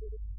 Thank you.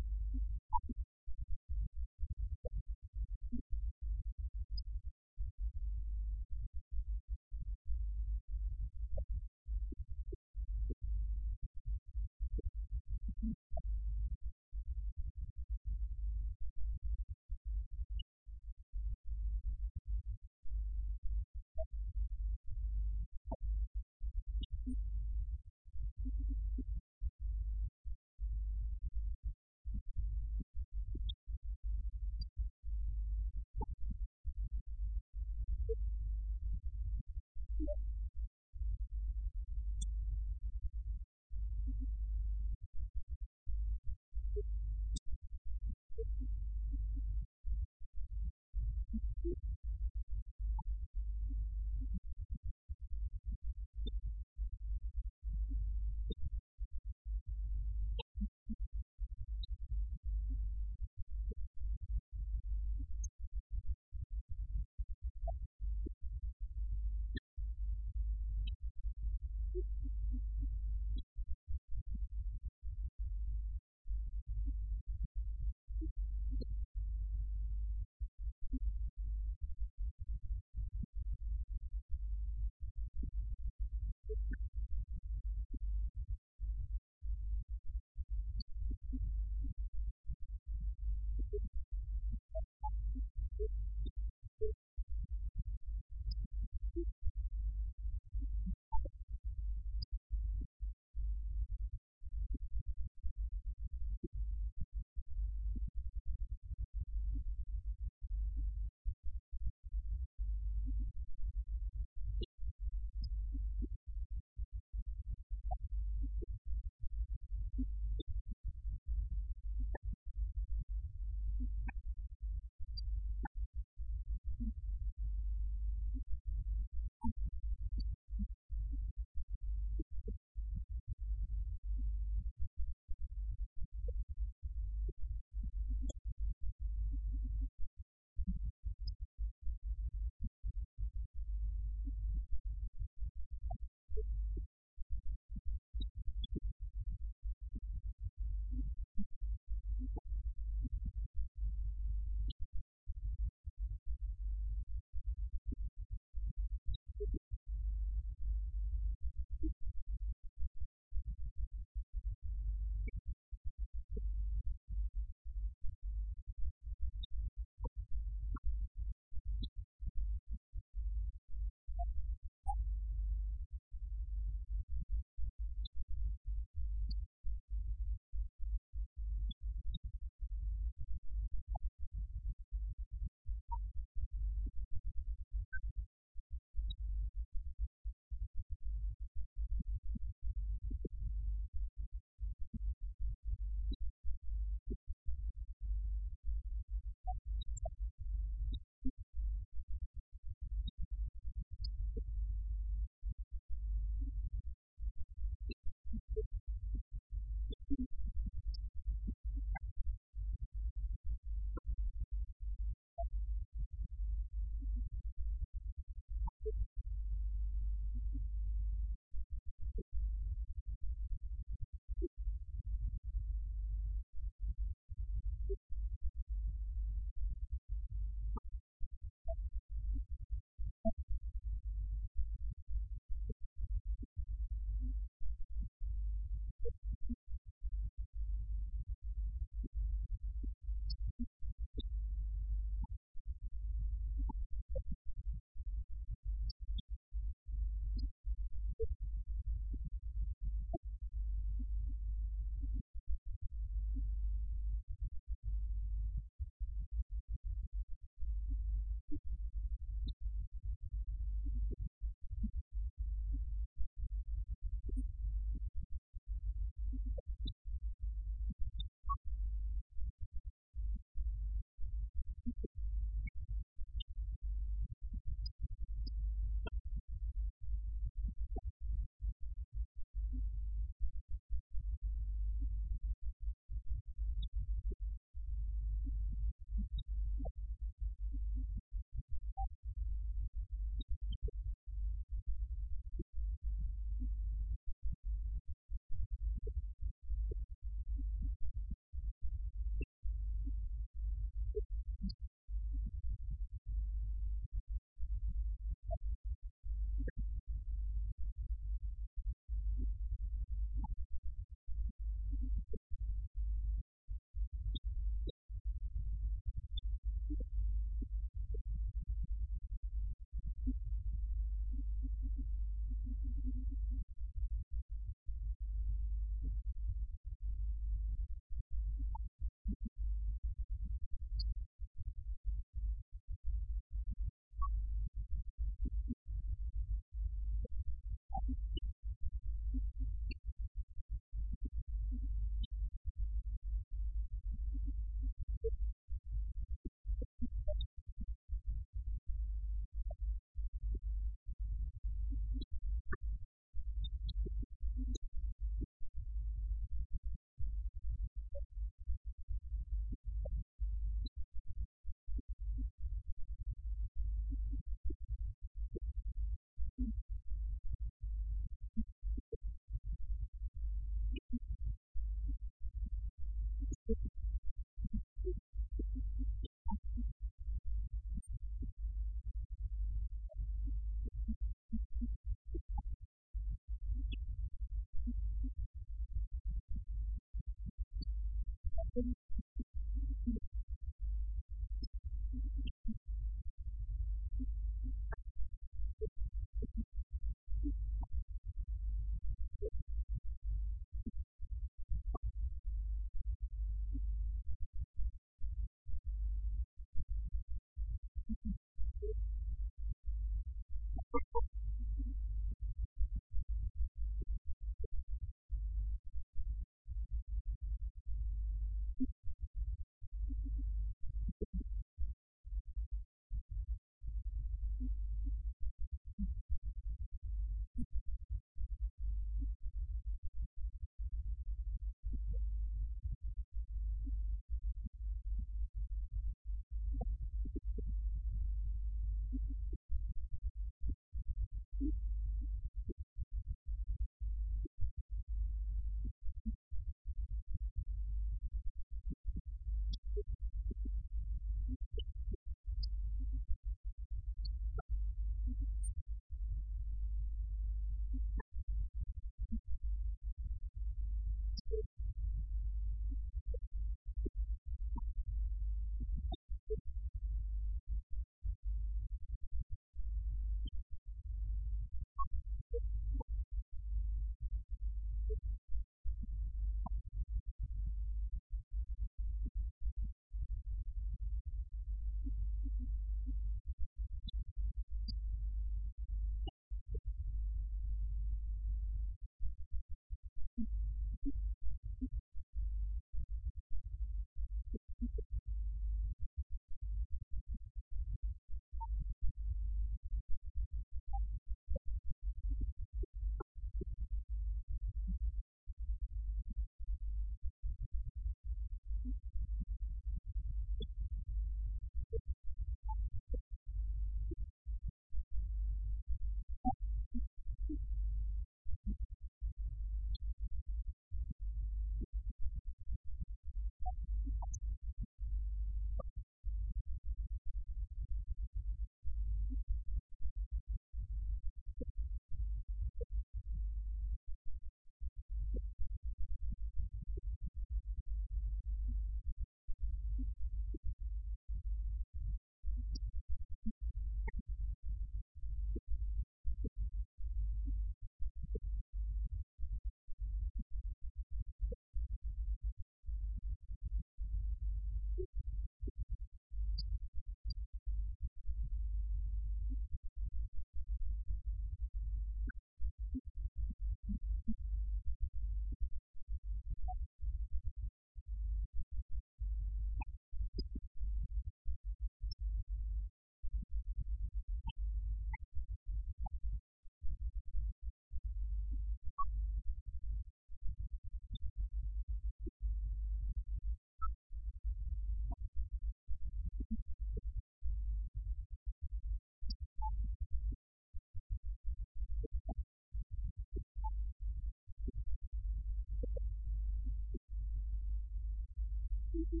Thank you.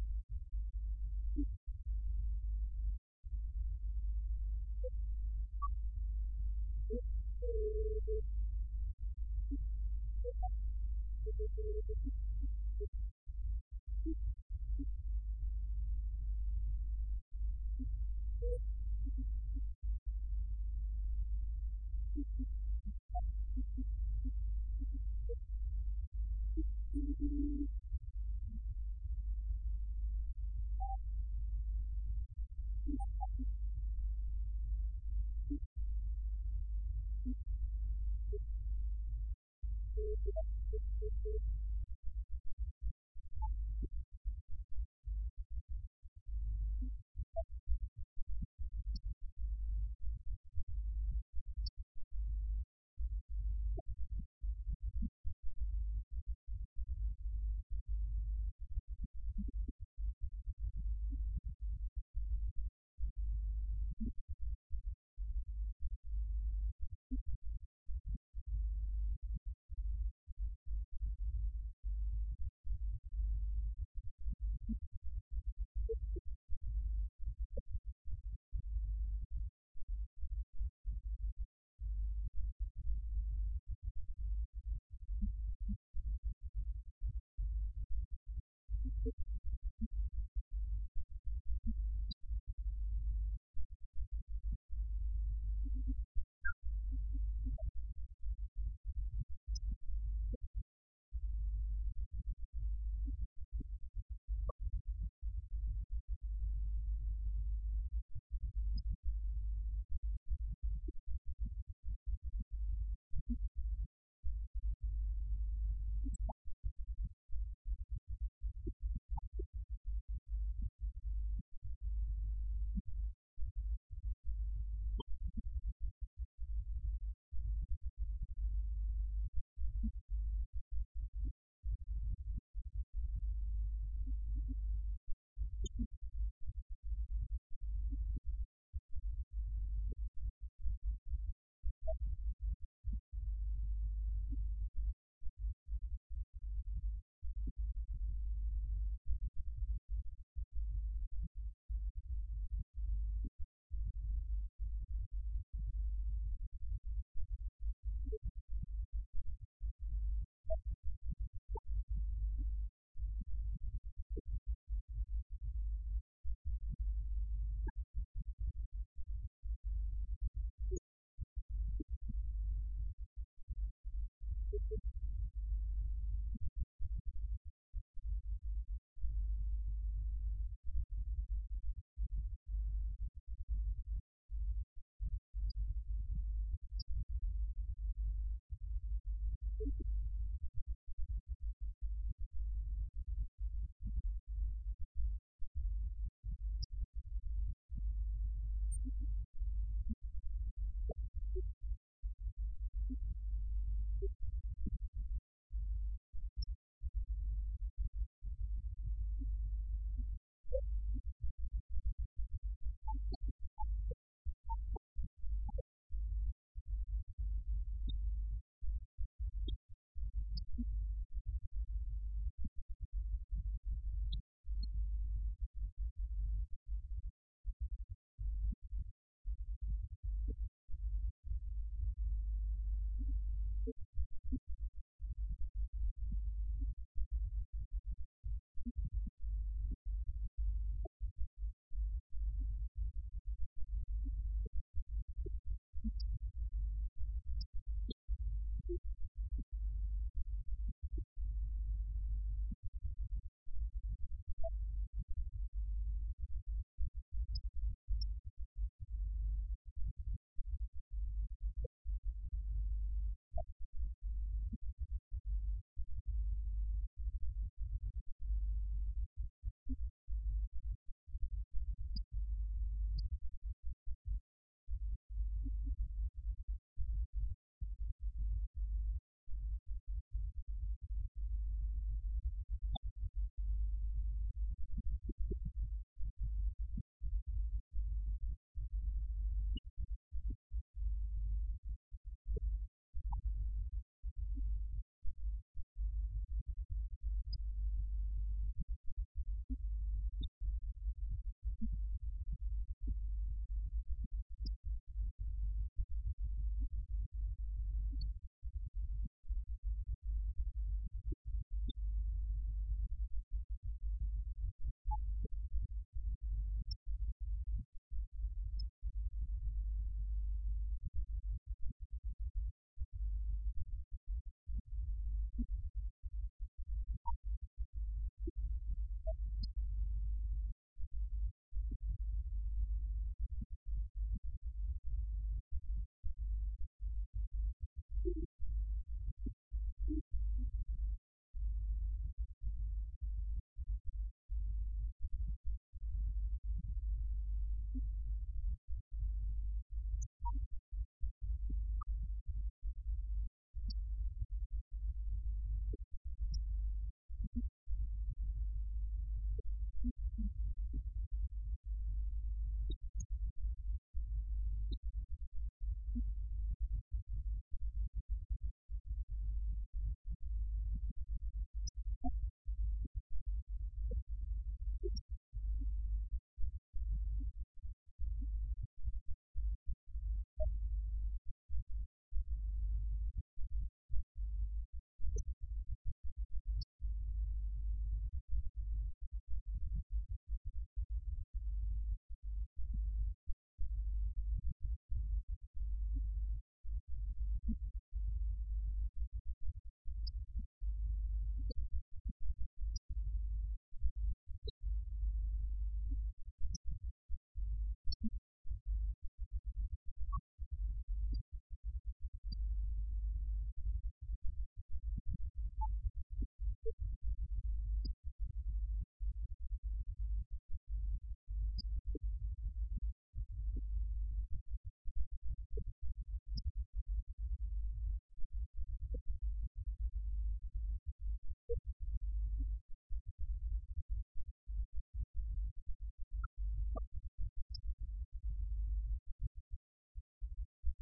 Thank you.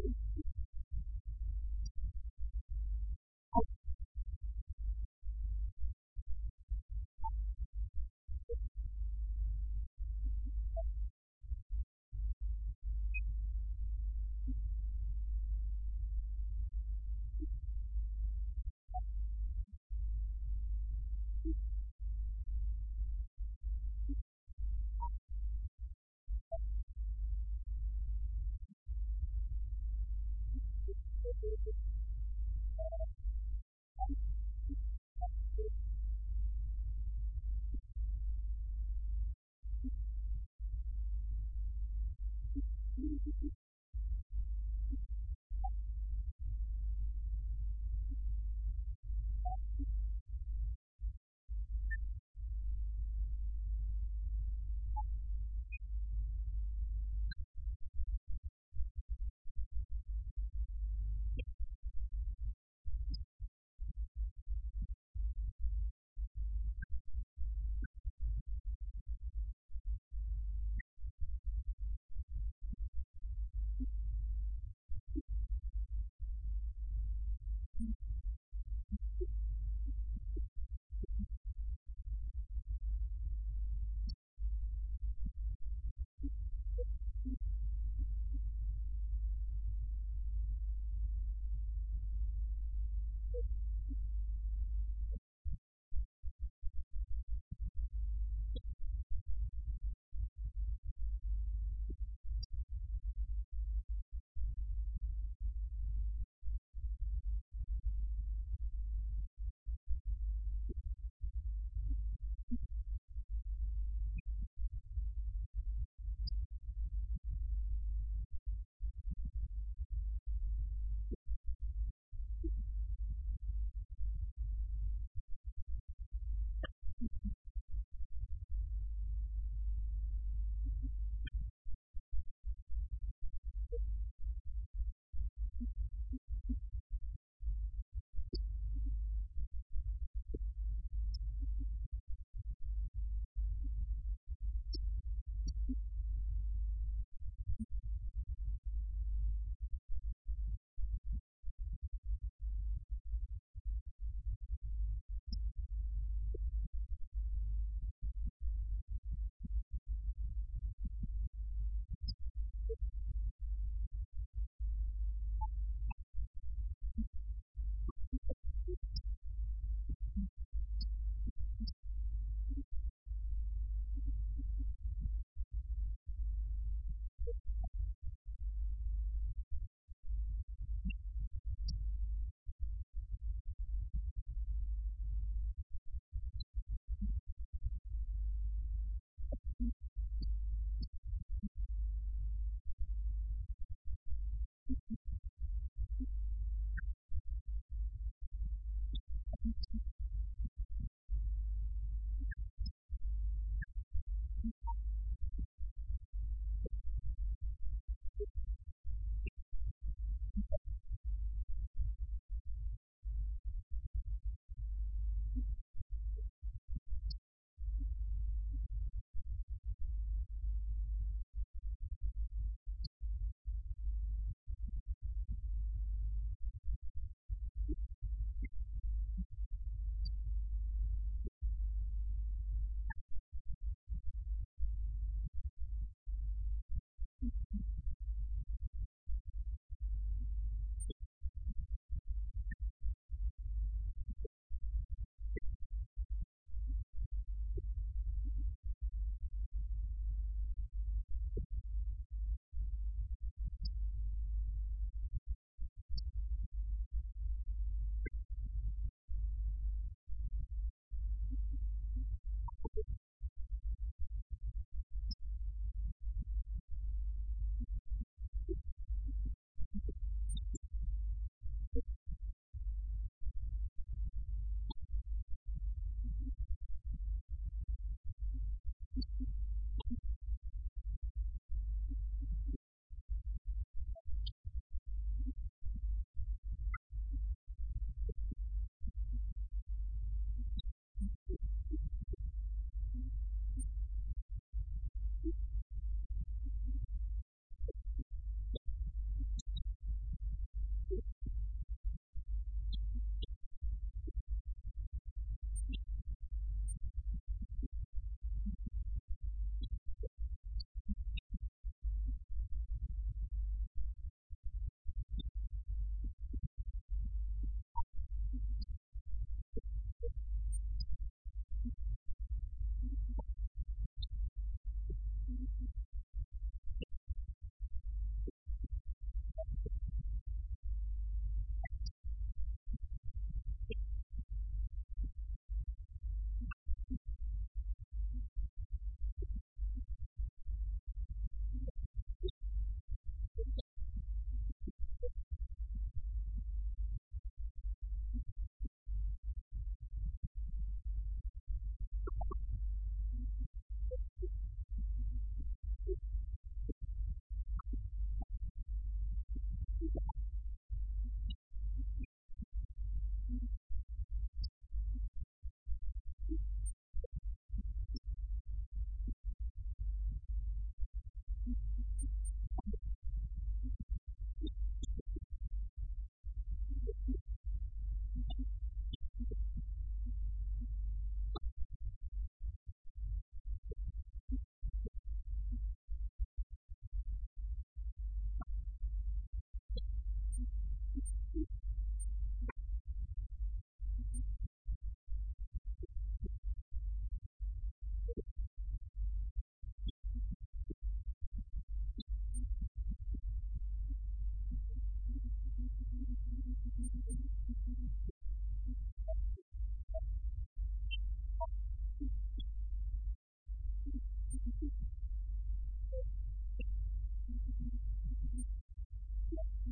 Thank you.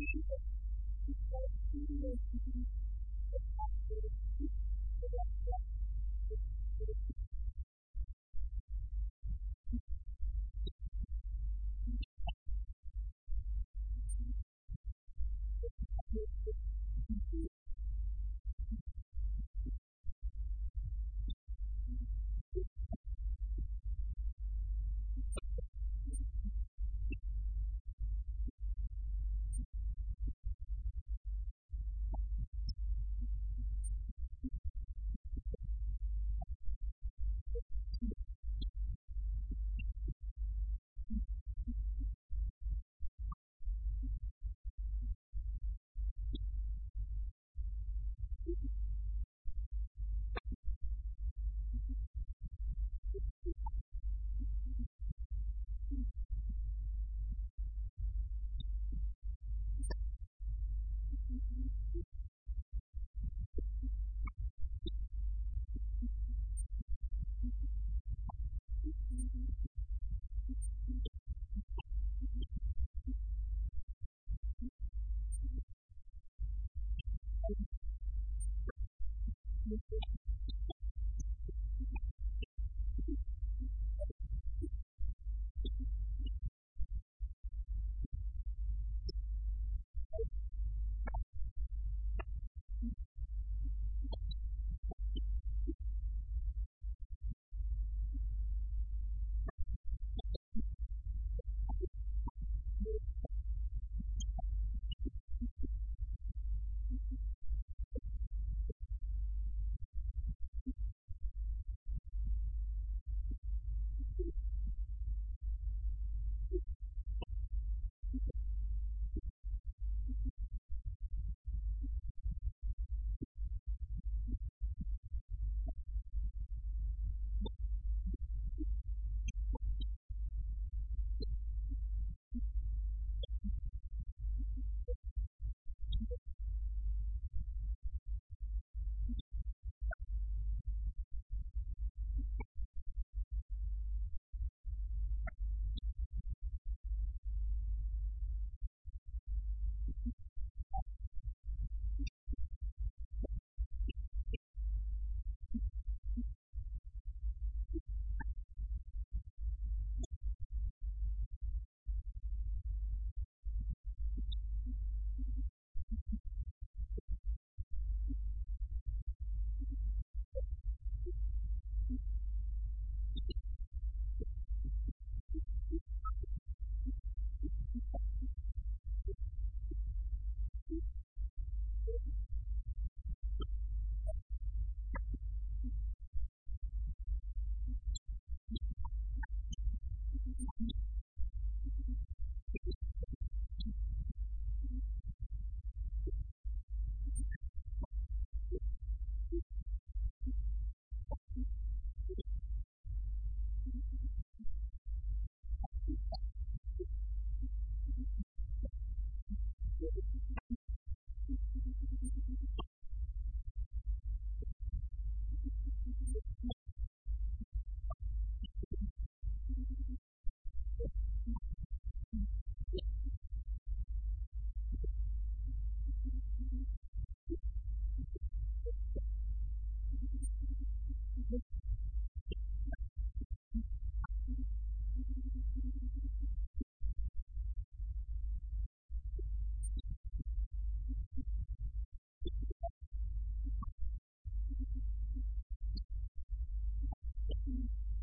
Thank you. Thank you.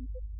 people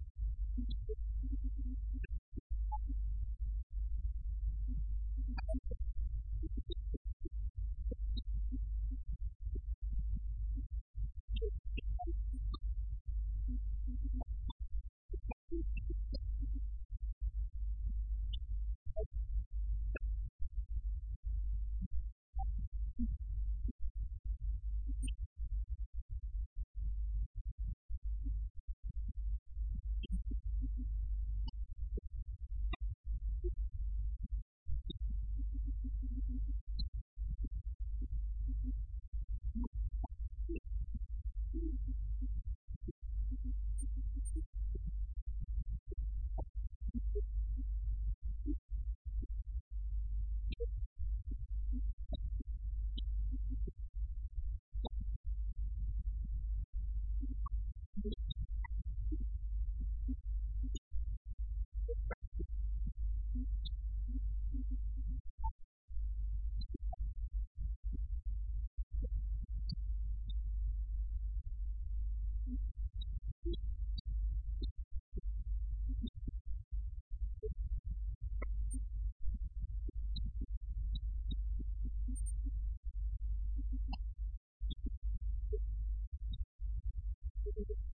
Thank you.